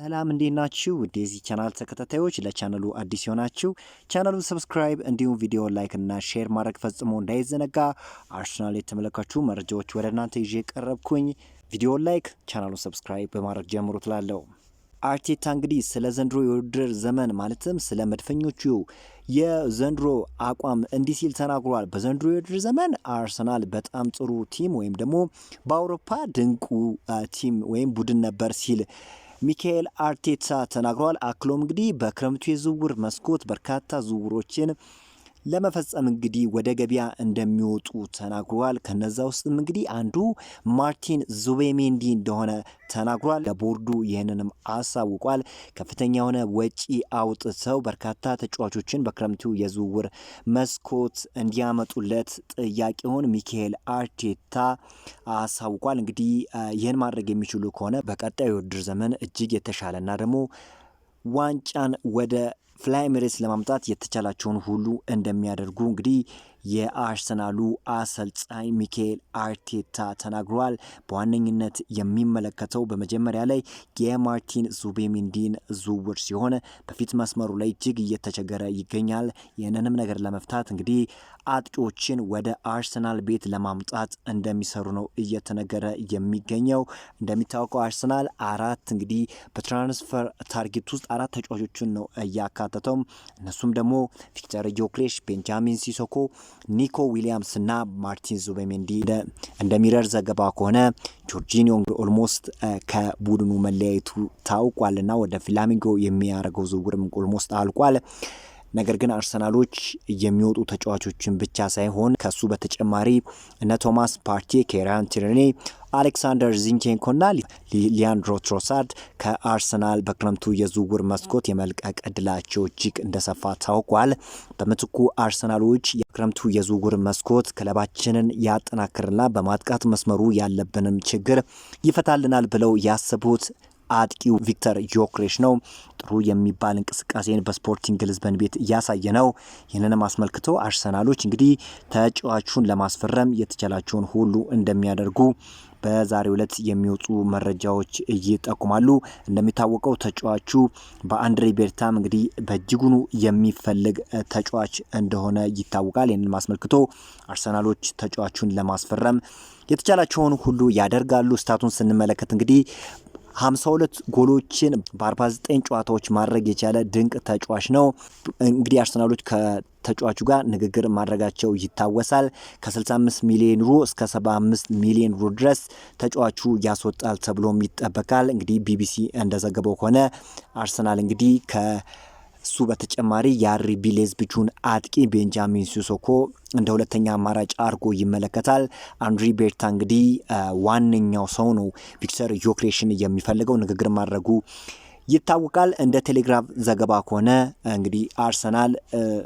ሰላም እንዴት ናችሁ? ውድ የዚህ ቻናል ተከታታዮች፣ ለቻናሉ አዲስ የሆናችሁ ቻናሉን ሰብስክራይብ እንዲሁም ቪዲዮ ላይክ እና ሼር ማድረግ ፈጽሞ እንዳይዘነጋ። አርሰናል የተመለከቱ መረጃዎች ወደ እናንተ ይዤ ቀረብኩኝ። ቪዲዮ ላይክ፣ ቻናሉን ሰብስክራይብ በማድረግ ጀምሩ ትላለሁ። አርቴታ እንግዲህ ስለ ዘንድሮ የውድድር ዘመን ማለትም ስለ መድፈኞቹ የዘንድሮ አቋም እንዲህ ሲል ተናግሯል። በዘንድሮ የውድድር ዘመን አርሰናል በጣም ጥሩ ቲም ወይም ደግሞ በአውሮፓ ድንቁ ቲም ወይም ቡድን ነበር ሲል ሚካኤል አርቴታ ተናግሯል አክሎም እንግዲህ በክረምቱ የዝውውር መስኮት በርካታ ዝውውሮችን ለመፈጸም እንግዲህ ወደ ገበያ እንደሚወጡ ተናግሯል። ከነዛ ውስጥም እንግዲህ አንዱ ማርቲን ዙቤሜንዲ እንደሆነ ተናግሯል። ለቦርዱ ይህንንም አሳውቋል። ከፍተኛ የሆነ ወጪ አውጥተው በርካታ ተጫዋቾችን በክረምቱ የዝውውር መስኮት እንዲያመጡለት ጥያቄውን ሚካኤል አርቴታ አሳውቋል። እንግዲህ ይህን ማድረግ የሚችሉ ከሆነ በቀጣዩ ውድድር ዘመን እጅግ የተሻለና ደግሞ ዋንጫን ወደ ፍላይ ኤሚሬትስ ለማምጣት የተቻላቸውን ሁሉ እንደሚያደርጉ እንግዲህ የአርሰናሉ አሰልጣኝ ሚካኤል አርቴታ ተናግሯል። በዋነኝነት የሚመለከተው በመጀመሪያ ላይ የማርቲን ዙቤሚንዲን ዝውውር ሲሆን በፊት መስመሩ ላይ እጅግ እየተቸገረ ይገኛል። ይህንንም ነገር ለመፍታት እንግዲህ አጥቂዎችን ወደ አርሰናል ቤት ለማምጣት እንደሚሰሩ ነው እየተነገረ የሚገኘው። እንደሚታወቀው አርሰናል አራት እንግዲህ በትራንስፈር ታርጌት ውስጥ አራት ተጫዋቾችን ነው እያካ አልተካተተውም። እነሱም ደግሞ ቪክተር ጆክሬሽ፣ ቤንጃሚን ሲሶኮ፣ ኒኮ ዊሊያምስ እና ማርቲን ዙቤሜንዲ ሚረር ዘገባ ከሆነ ጆርጂኒዮ ኦልሞስት ከቡድኑ መለያየቱ ታውቋል እና ወደ ፍላሚንጎ የሚያደርገው ዝውውርም ኦልሞስት አልቋል። ነገር ግን አርሰናሎች የሚወጡ ተጫዋቾችን ብቻ ሳይሆን ከሱ በተጨማሪ እነ ቶማስ ፓርቲ፣ ኬራን ትርኔ፣ አሌክሳንደር ና ሊያንድሮ ትሮሳርድ ከአርሰናል በክረምቱ የዝውውር መስኮት የመልቀቅ እድላቸው እጅግ እንደሰፋ ታውቋል። በምትኩ አርሰናሎች የክረምቱ የዝውውር መስኮት ክለባችንን ያጠናክርና በማጥቃት መስመሩ ያለብንም ችግር ይፈታልናል ብለው ያሰቡት አጥቂው ቪክተር ዮክሬሽ ነው። ጥሩ የሚባል እንቅስቃሴን በስፖርቲንግ ልዝበን ቤት እያሳየ ነው። ይህንንም አስመልክቶ አርሰናሎች እንግዲህ ተጫዋቹን ለማስፈረም የተቻላቸውን ሁሉ እንደሚያደርጉ በዛሬው ዕለት የሚወጡ መረጃዎች ይጠቁማሉ። እንደሚታወቀው ተጫዋቹ በአንድሬ ቤርታም እንግዲህ በእጅጉኑ የሚፈልግ ተጫዋች እንደሆነ ይታወቃል። ይህንን አስመልክቶ አርሰናሎች ተጫዋቹን ለማስፈረም የተቻላቸውን ሁሉ ያደርጋሉ። ስታቱን ስንመለከት እንግዲህ ሁለት ጎሎችን በ49 ጨዋታዎች ማድረግ የቻለ ድንቅ ተጫዋች ነው። እንግዲህ አርሰናሎች ከተጫዋቹ ጋር ንግግር ማድረጋቸው ይታወሳል። ከ65 ሚሊዮን ሩ እስከ 75 ሚሊዮን ሩ ድረስ ተጫዋቹ ያስወጣል ተብሎም ይጠበቃል። እንግዲህ ቢቢሲ እንደዘገበው ከሆነ አርሰናል እንግዲህ ከ እሱ በተጨማሪ የአሪ ቢሌዝ ብቹን አጥቂ ቤንጃሚን ሲሶኮ እንደ ሁለተኛ አማራጭ አርጎ ይመለከታል። አንድሪ ቤርታ እንግዲህ ዋነኛው ሰው ነው ቪክተር ዮክሬሽን የሚፈልገው ንግግር ማድረጉ ይታወቃል። እንደ ቴሌግራፍ ዘገባ ከሆነ እንግዲህ አርሰናል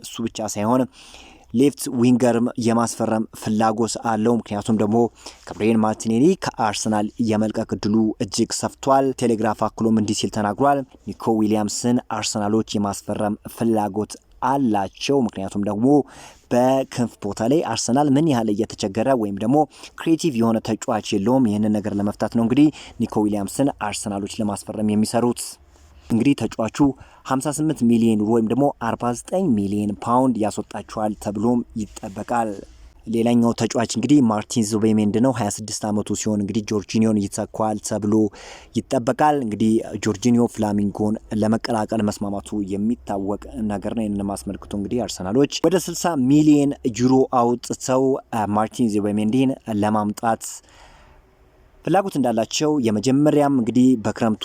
እሱ ብቻ ሳይሆን ሌፍት ዊንገርም የማስፈረም ፍላጎት አለው። ምክንያቱም ደግሞ ጋብሪኤል ማርቲኔሊ ከአርሰናል የመልቀቅ እድሉ እጅግ ሰፍቷል። ቴሌግራፍ አክሎም እንዲህ ሲል ተናግሯል። ኒኮ ዊሊያምስን አርሰናሎች የማስፈረም ፍላጎት አላቸው። ምክንያቱም ደግሞ በክንፍ ቦታ ላይ አርሰናል ምን ያህል እየተቸገረ ወይም ደግሞ ክሬቲቭ የሆነ ተጫዋች የለውም። ይህንን ነገር ለመፍታት ነው እንግዲህ ኒኮ ዊሊያምስን አርሰናሎች ለማስፈረም የሚሰሩት። እንግዲህ ተጫዋቹ 58 ሚሊዮን ዩሮ ወይም ደግሞ 49 ሚሊዮን ፓውንድ ያስወጣቸዋል ተብሎም ይጠበቃል። ሌላኛው ተጫዋች እንግዲህ ማርቲን ዙቤሜንዲ ነው። 26 ዓመቱ ሲሆን እንግዲህ ጆርጂኒዮን ይተኳል ተብሎ ይጠበቃል። እንግዲህ ጆርጂኒዮ ፍላሚንጎን ለመቀላቀል መስማማቱ የሚታወቅ ነገር ነው። ይህንን አስመልክቶ እንግዲህ አርሰናሎች ወደ 60 ሚሊዮን ዩሮ አውጥተው ማርቲን ዙቤሜንዲን ለማምጣት ፍላጎት እንዳላቸው የመጀመሪያም እንግዲህ በክረምቱ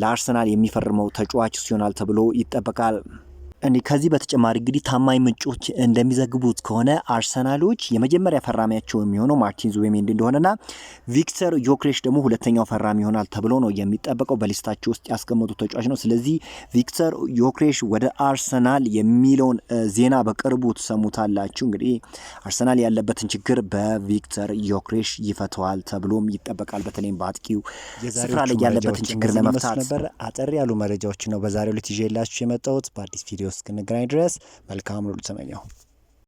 ለአርሰናል የሚፈርመው ተጫዋች እሱ ይሆናል ተብሎ ይጠበቃል። ከዚህ በተጨማሪ እንግዲህ ታማኝ ምንጮች እንደሚዘግቡት ከሆነ አርሰናሎች የመጀመሪያ ፈራሚያቸው የሚሆነው ማርቲን ዙቤሜንዲ እንደሆነና ቪክተር ዮክሬሽ ደግሞ ሁለተኛው ፈራሚ ይሆናል ተብሎ ነው የሚጠበቀው። በሊስታቸው ውስጥ ያስቀመጡት ተጫዋች ነው። ስለዚህ ቪክተር ዮክሬሽ ወደ አርሰናል የሚለውን ዜና በቅርቡ ትሰሙታላችሁ። እንግዲህ አርሰናል ያለበትን ችግር በቪክተር ዮክሬሽ ይፈተዋል ተብሎም ይጠበቃል። በተለይም በአጥቂው ስፍራ ላይ ያለበትን ችግር ለመፍታት ነበር። አጠር ያሉ መረጃዎች ነው በዛሬው ዕለት የመጣሁት በአዲስ ቪዲዮ እስክንገናኝ ድረስ መልካም ሉ ተመኘው።